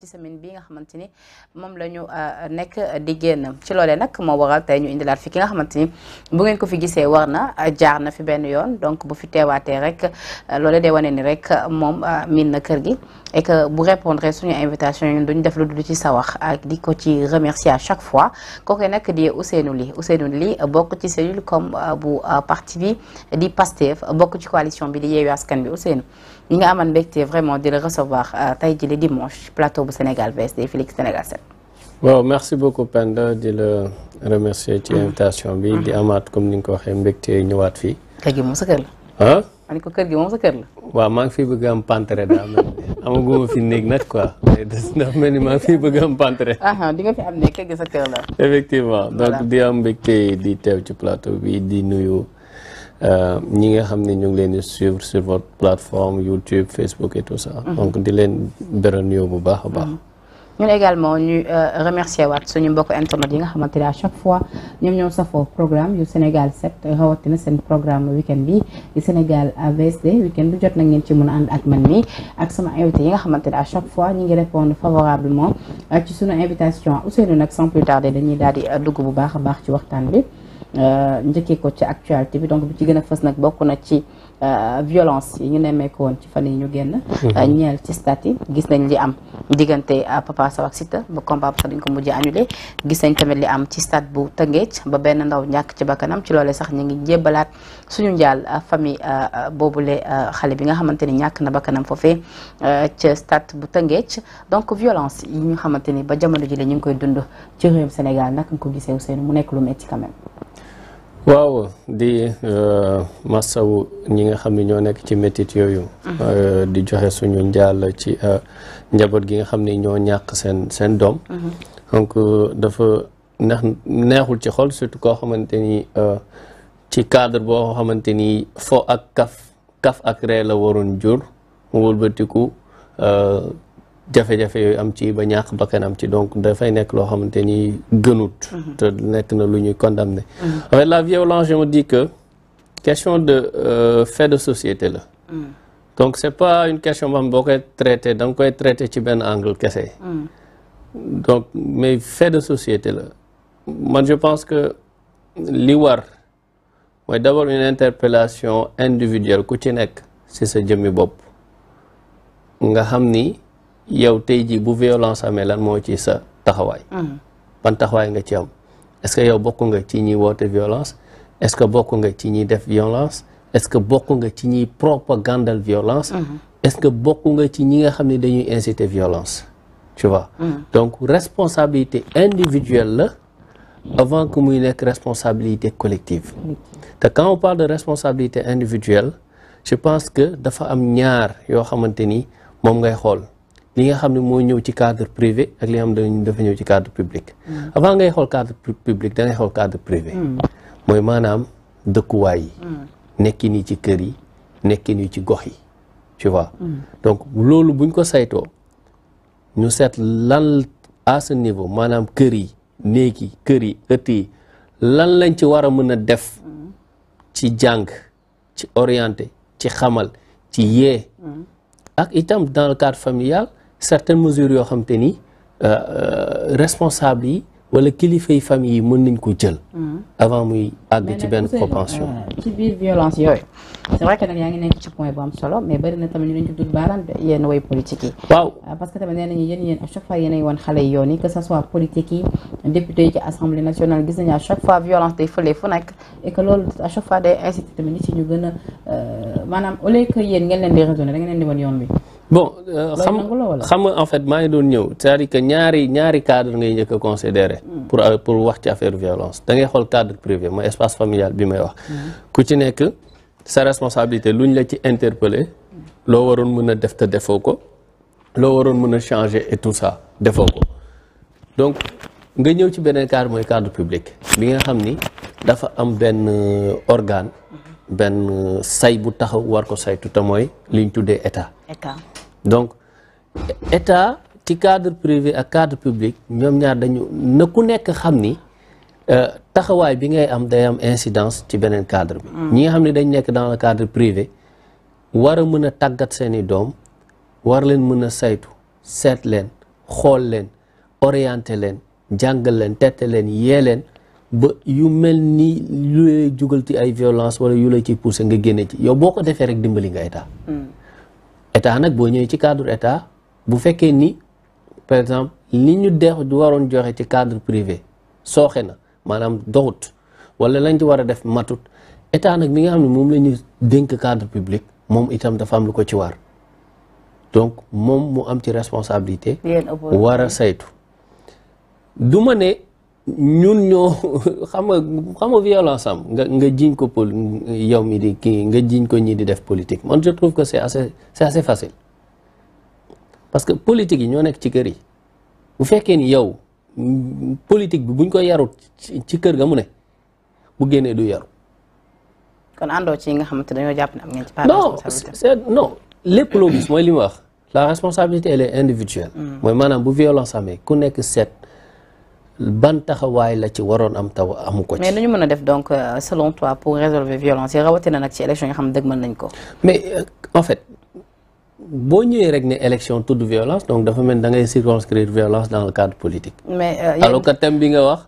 ci semaine bi nga xamante ni moom la ñu euh, nekk di génn ci loole nag moo waral tey ñu indilaat fi ki nga xamante ni bu ngeen ko fi gisee war na jaar na fi benn yoon donc bu fi teewaatee rek euh, loolee day wane ni rek moom euh, miin na kër gi et que bu répondre suñu invitation ñun duñ def lu dul ci sawax ak di ko ci remercia chaque fois kooku nag di Ousseynou Ly Ousseynou Ly bokk ci cellule comme bu parti bi di Pastef bokk ci coalition bi di Yewwi Askan Wi Ousseynou ñi nga ama mbégte vraiment di la recevoir tey jii le bu Sénégal VSD fii léegi Sénégal 7. waaw merci beaucoup Penda di la remercier ci mm-hmm. invitation bi. di mm-hmm. amaat comme ni nga ko waxee mbégte ñëwaat fii. kër gi moom sa kër ko kër gi moom sa kër la. waaw maa ngi fi bëgg am pantere daa mel amaguma fi néeg nag quoi ndax mel ni maa ngi fi bëgg am pantere. di nga fi am ne kër gi sa kër la. effectivement donc di am mbégte di teew ci plateau bi di nuyu. Euh, ñi nga xam ne ñu ngi leen di suivre sur votre plateforme YouTube Facebook et tout ça. Mhm. donc di leen beral nuyoo bu baax a baax. Mhm. ñun également ñu euh, remercier waat suñu mbokk internet yi nga xamante ne à chaque fois ñoom ñoo safoo programme yu Sénégal 7 rawatina seen programme weekend bi di Sénégal AVSD weekend bu jot na ñeen ci mun a ànd ak man mi ak sama invité yi nga xamante ne à chaque fois ñu ngi répondre favorablement euh, ci suñu invitation Ousseynou nag sans plus tarder dañuy daal di dugg bu baax a baax ci waxtaan bi Euh, njëkkee ko ci actualité bi donc bi ci gën a fës nag bokk na ci euh, violence yi ñu nemmeeku woon ci fan yi ñu génn mhm. euh, ñeel ci stat yi gis nañ li am diggante Papa Sow ak Siteu ba combat ba sax dañ ko mujjee annulé gis nañ tamit li am ci stade bu Tëngéej ba benn ndaw ñàkk ci bakkanam ci loolee sax ñu ngi jébbalaat suñu njaal famille boobu boobule xale bi nga xamante ni ñàkk na bakkanam foofee ca state bu Tëngéej donc violence yi ñu xamante ni ba jamono ji la ñu ngi koy dund ci réewum Sénégal naka nga ko gisee Ousseynou mu nekk lu metti quand waaw di euh, masawu ñi nga xam ne ñoo nekk ci métit yooyu mhm. euh, di joxe suñu njaal ci euh, njaboot gi nga xam ni ñoo ñàkk seen seen doom mhm. donc dafa neex neexul ci xol surtout koo xamante ni ci cadre boo xamante ni fo ak kaf kaf ak ree la waroon jur wëlbatiku jafe-jafe yooyu am ci ba ñàkk bakkanam ci donc dafay nekk loo xamante ni gënut mhm. te nekk na lu ñuy condamné mhm. avec la violence je me dis que question de euh, fait de société la mhm. donc c'est pas une question boo koy traité danga koy traité ci benn angle kese mm. donc mais fait de société la man je pense que li war mooy d'abord une interpellation individuelle ku ci nekk si sa jëmmi bopp nga xam ni yow tey jii bu violence amee lan moo ci sa taxawaay. Hmm. ban taxawaay nga ci am est-ce que yow bokk nga ci ñi woote violence est-ce que bokk nga ci ñi def violence est-ce que bokk nga ci ñi propagandal violence. Hmm. est-ce que bokk nga ci ñi nga xam ne dañuy inciter violence. tu vois hmm. donc responsabilité individuelle la avant que muy nekk responsabilité collective. te quand on parle de responsabilité individuelle je pense que dafa am ñaar yoo xamante ni moom ngay xool. li nga xam ne mooy ñëw ci cadre privé ak li nga xam ne dafa ñëw ci cadre public. Mm. avant nga xool cadre public da ngay xool cadre privé. Mm. mooy maanaam dëkkuwaay yi. Mm. nekki nii ci kër yi nekkin yi ci gox yi tu vois. donc loolu buñ ko saytoo ñu seet lan à ce niveau maanaam kër yi néeg kër yi ëtt yi lan lañ ci war a mën a def. ci jàng ci orienté ci xamal ci yee. ak itam dans le cadre familial. certaines mesures yoo xam te ni euh, euh, responsable yi wala kilifay famille yi mën nañ ko jël. Mm-hmm. avant muy àgg ci benn euh, ci biir violence yooyu c'est vrai que yaa ngi nekk ci point bu am solo mais bari tamit ñu ci dul baaraan yenn way politique yi. waaw parce que tamit nee nañu yéen yéen chaque fois yéenay woon xale yi yoon yi que ce soit politique fu nekk et loolu à chaque fois day incité tamit ñu gën a maanaam au lieu que yéen ngeen leen di raisonner da ngeen leen di woon yoon bi. bon euh, xam xam nga en fait maa ngi doon ñëw cest que ñaari ñaari cadre ngay njëkk a considérer hmm. pour euh, pour wax ci affaire violence da ngay xool cadre privé mooy espace familial bi may wax hmm. ku ci nekk sa responsabilité luñ la ci interpeller loo waroon mën a def te defoo ko loo waroon mën a changer et tout ça defoo ko donc nga ñëw ci beneen cadre mooy cadre publique bi nga xam ni dafa am benn euh, organe hmm. benn say bu taxaw war ko saytu te mooy ñu tuddee état donc état ci cadre privé ak cadre publique ñoom ñaar dañu na ku nekk xam ni euh, taxawaay bi ngay am day am incidence ci beneen cadre bi. Mm. ñi nga xam ne dañ nekk dans le cadre privé war mën a tàggat seeni doom war leen mën a saytu seet leen xool leen orienté leen jàngal leen tette leen yee leen ba yu mel ni lu lay jugal ci ay violence wala yu lay ciy poussé nga génne ci yow boo ko defee rek dimbali nga état. Mm. état nag boo ñëwee ci cadre état bu fekkee ni par exemple li ñu deexu du waroon joxe ci cadre privé sooxe na maanaam doxut wala lañ ci war a def matut état nag mi nga xam ne moom la ñu dénk cadre publique moom itam dafa am lu ko ci war donc moom mu am ci responsabilité war saytu du ne ñun ñoo xam nga xam nga violence am nga nga jiñ ko pol yow mi di kii nga jiñ ko ñi di def politique man je trouve que c'est assez facile parce que politique yi ñoo nekk ci kër yi bu fekkee ni yow politique bi buñ ko yarut ci kër ga mu ne bu génnee du yaru kon àndoo nga xamante dañoo ne am lépp loo gis mooy li wax la responsabilité elle est individuelle mm. mooy maanaam bu violence amee ku nekk seet ban taxawaay la ci waroon am taw amu ko ci. mais mën a def donc euh, selon toi pour résolver violence rawatina nag ci élection yi nga xam ne nañ ko. mais euh, en fait boo ñëwee rek ne élection tudd violence donc dafa mel da ngay circonscrire violence dans le cadre politique. mais euh, alors bi nga wax.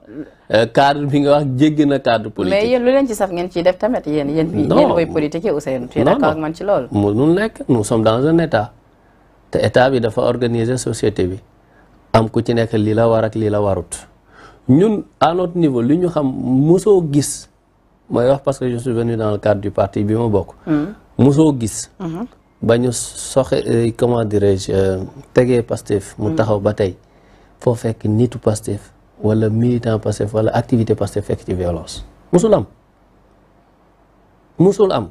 cadre bi nga wax jéggi na cadre politique. mais yéen lu leen ci saf ngeen ciy def tamit yéen yéen. non yéen way politique yi Ousseynou. tu es d'accord ak man ci loolu. mënul nekk nous sommes dans état bi dafa organiser société bi am ku ci nekk lii la war ak lii la warut. ñun à notre niveau lu ñu xam mosoo gis mooy wax parce que je suis dans le cadre du parti bi ma bokk. Mm. mosoo gis. Mm-hmm. ba ñu soxe euh, comment dirais-je euh, tegee Pastef mu mm. taxaw ba tey foo fekk nitu Pastef wala militant Pastef wala activité Pastef fekk ci violence musul am musul am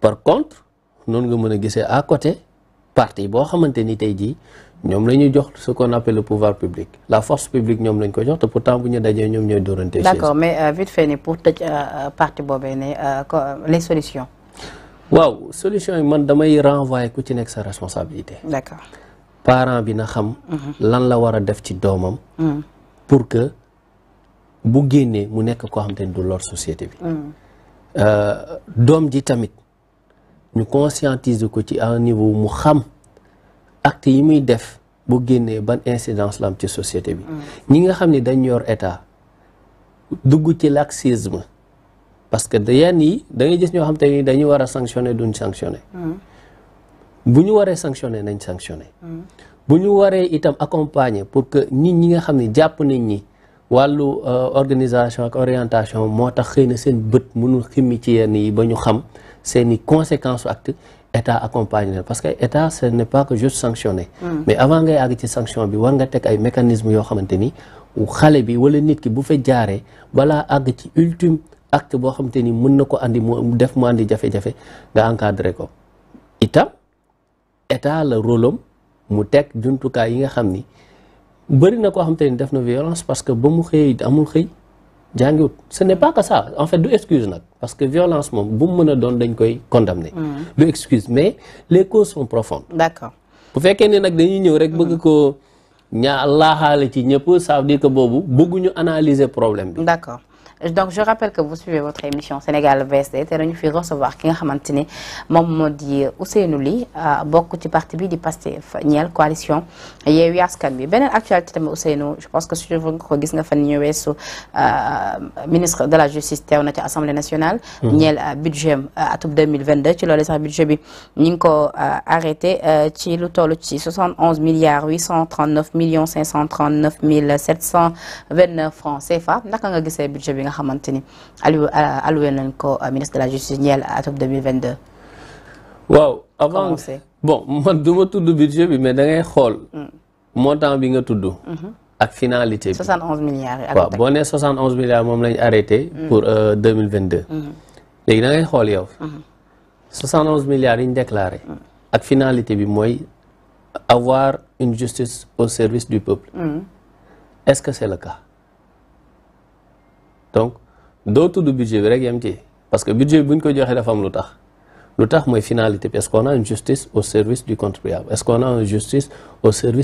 par contre noonu nga mën a gisee à côté parti boo xamante ni tey jii ñoom la ñuy jox su qu'on appelle le pouvoir public la force publique ñoom lañ ko jox te pourtant bu ñu dajee ñoom ñooy dóorante d'accord mais euh, vite fait ni pour tëj euh, euh, parti boobee ne euh, les solutions waaw solution yi man damay renvoyer ku ci nekk sa responsabilité d'accord parent bi na xam mhm. lan la war a def ci doomam mhm. pour que bu génnee mu nekk koo xam te ni du lor société bi mhm. doom ji tamit ñu conscientiser ko ci à un niveau mu xam acte yi muy def bu génnee ban incidence la am ci société bi mm. ñi nga xam ni dañ yor état dugg ci laxisme parce que da yenn yi da ngay gis ñoo xam te nii dañuy war a sanctionner duñ sanctionner mm. bu ñu waree sanctionner nañ sanctionner mm. bu ñu waree itam accompagner pour que nit ñi nga xam ne jàpp nañ ñi wàllu euh, organisation ak orientation moo tax xëy na seen bët mënul ximmi ci yenn yi ba ñu xam seeni conséquences acte état accompagne leen parce que état ce n'est pas que juste sanctionner hmm. mais avant ngay àgg ci sanction bi war nga teg ay mécanismes yoo xamante ni xale bi wala nit ki bu fa jaaree balaa àgg ci ultime act boo xamante ni mën na ko andi mu def mu andi jafe-jafe nga encadré ko itam état la rôle am mu teg jumtukaay yi nga xam ni bëri na koo xam te ni def na violence parce que ba mu xëyee amul xëy jàngiwut ce n'est pas que ça en fait du excuse nag parce que violence moom bu mu mën a doon dañ koy condamner. Hmm. du excuse mais les causes sont profondes. bu fekkee ne nag dañuy ñëw rek bëgg hmm. ko ñaa laaxaale ci ñëpp ça veut ko boobu bëgguñu analyser problème bi. d'accord donc je rappelle que vous suivez votre émission Sénégal VSD te dañu fi recevoir ki nga xamante ni moom moo di Ousseynou Ly euh, bokk ci parti bi di Pastef ñeel coalition Yewwi Askan Wi beneen actualité tamit Ousseynou je pense que suivre nga ko gis nga fan ñu weesu euh, ministre de la justice teew na ci assemblée nationale mmh. ñeel euh, budget atub 2022 ci loolu sax budget bi ñu ngi ko arrêté ci lu toll ci 71 milliards 839 millions 539 mille 729 francs CFA naka nga gisee budget bi nga xamante ni allu euh, alloué nañ ko euh, ministre de la justice ñeel atum 2022. waaw avant bon man du tudd budget bi mais da xool. Hmm. montant bi nga tudd. Mhm. ak finalité bi 71 milliards. waaw boo nee 71 milliards moom lañ arrêté. Hmm. pour 2022. Euh, hmm. léegi da ngay xool yow. 71 yi ñu déclaré. ak finalité bi mooy avoir une justice au service du peuple. est-ce que c'est le cas. donc doo tudd budget bi rek yem ci parce que budget bi bu ñu ko joxee dafa am lu tax lu tax mooy finalité bi est-ce qu'on a une justice au service du contribuable est-ce qu'on a une justice au loolu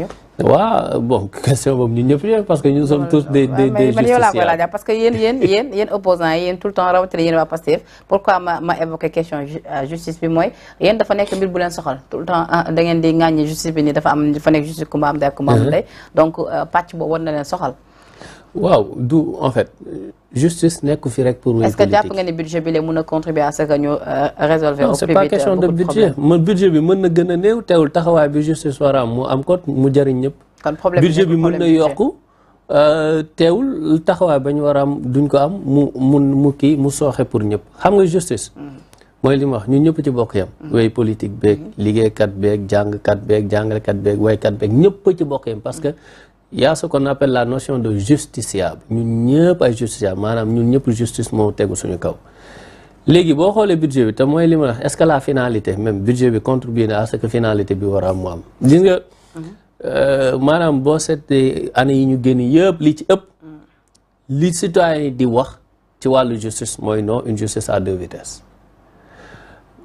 yëpp. waaw bon question boobu ñun ñëpp yëpp parce que ñun sommes tous des des des justiciables. mais yow laa tout le euh, justice bi mooy yéen dafa nekk mbir bu leen soxal tout le temps ah, da ngeen di ŋàññi justice bi nii dafa am dafa nekk justice ku day ak day donc euh, pàcc boobu war leen soxal. waaw du en fait justice nekk fi rek pour. wéy politique est-ce que jàpp bi la mën a contribuer à ce que ñu euh, résolver. au plus euh, bi mën na gën a néew teewul taxawaay bi justice war a am mu mu jëriñ ñëpp. kon problème budget bi mën na yokku. Euh, teewul taxawaay ba ñu war am duñ ko am mu mu mu kii mu sooxe pour ñëpp xam nga justice. Mm. mooy li ma wax ñun ñëpp ci bokk yam mm. way politique beeg mm. liggéeykat beeg jàngkat beeg jàngalekat beeg waykat beeg ñëpp ci bokk yam parce que. yaa a ce qu'on appelle la notion de justiciable ñun ñëpp ay justiciable maanaam ñun ñëpp justice moo tegu suñu kaw léegi boo xoolee budget bi te mooy li ma wax est-ce que la finalité même budget bi contribue na à bi war a am am gis nga euh, maanaam boo seetee année yi ñu génn yëpp li ci ëpp li citoyen yi di wax ci wàllu justice mooy non une à deux vitesses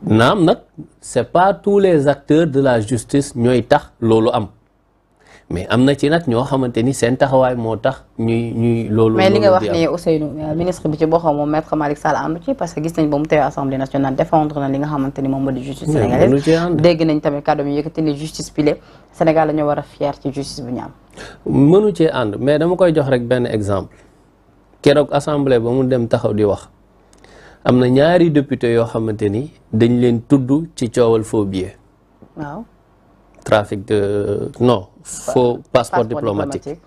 naam nag c'est pas tous les acteurs de la justice ñooy tax loolu am mais am na ci nag ñoo xamante ni seen taxawaay moo tax ñuy ñuy loolu. mais li nga wax ni Ousseynou ministre bi ci boppam moom maître Malick Sall àndu ci parce que gis nañ ba mu teewee assemblée nationale défendre na li nga xamante ni moom moo di justice sénégalaise dégg nañ tamit kàddu yi yëkkati justice bile Sénégal la ñu war a fier ci justice bu ñu am. mënu cee ànd mais dama koy jox rek benn exemple keroog assemblée ba mu dem taxaw di wax am na ñaari député yoo xamante ni dañ leen tudd ci coowal faux billet. trafic de non faux passeport diplomatique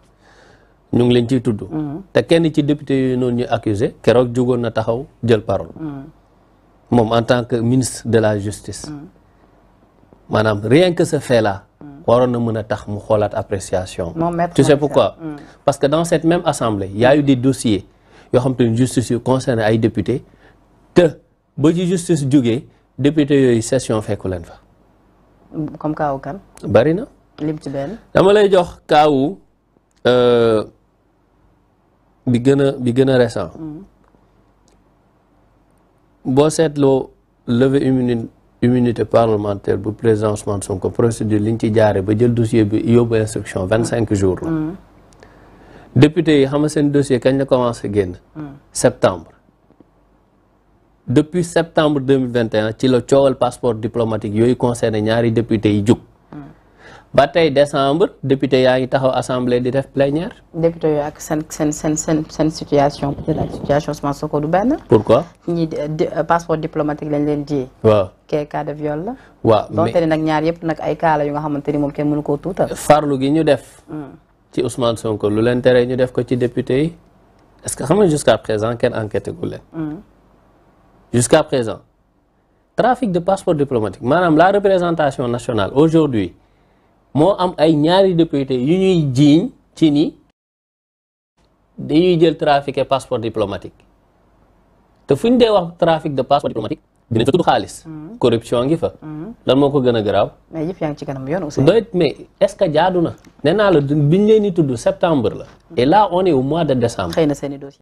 ñu ngi leen ciy tudd mm-hmm. te kenn ci député yooyu noonu ñu accusé keroog jugoon na taxaw jël parole mm-hmm. moom en tant que ministre de la justice mm-hmm. maanaam rien que ce fait là waroon na mën a tax mu xoolaat appréciation tu sais pourquoi parce que dans cette même assemblée y a eu des yoo xam te ne justice yu concerné ay député te ba ci justice jógee député yooyu session fekku leen fa comme kan. bari na. lim ci benn. dama lay jox kaawu euh, bi gën a bi gën a récent. Mm. boo seetloo lever immunité immunité parlementaire bu président Ousmane Sonko li liñ ci jaare ba jël dossier bi yóbbu instruction vingt cinq jours la. Mm. député yi xam nga seen dossier kañ la commencé génn. Mm. septembre. depuis septembre 2021 ci la coowal passeport diplomatique yooyu concerné ñaari député yi jug. ba tey décembre député yaa ngi taxaw assemblée di def plénière. député yooyu ak seen seen seen seen seen situation peut-être ak situation Ousmane Sonko du benn. pourquoi ñi passeport diplomatique lañ leen jiyee. waaw kee cas de viol la. waaw mais donte ne nag ñaar yëpp nag ay cas la yu nga xamante ni moom kenn mënu koo tuutal. farlu gi ñu def. Hmm. ci Ousmane Sonko lu leen tere ñu def ko ci député yi est-ce que xam nga jusqu'à présent kenn enquêté gu leen. Hmm. jusqu'à présent trafic de passeport diplomatique maanaam la représentation nationale aujourd'hui moo am ay ñaari député yu ñuy jiiñ ci ni dañuy jël trafiqué passeport diplomatique te fu ñu dee wax trafic de passeport diplomatique dina fa tudd xaalis. Hmm. corruption ngi fa. Hmm. lan moo ko gën a garaaw. mais yëpp yaa doy mais est ce que jaadu na. nee naa la biñ leen di tudd septembre la. Hmm. et là on est au mois de décembre. xëy na seen i dossier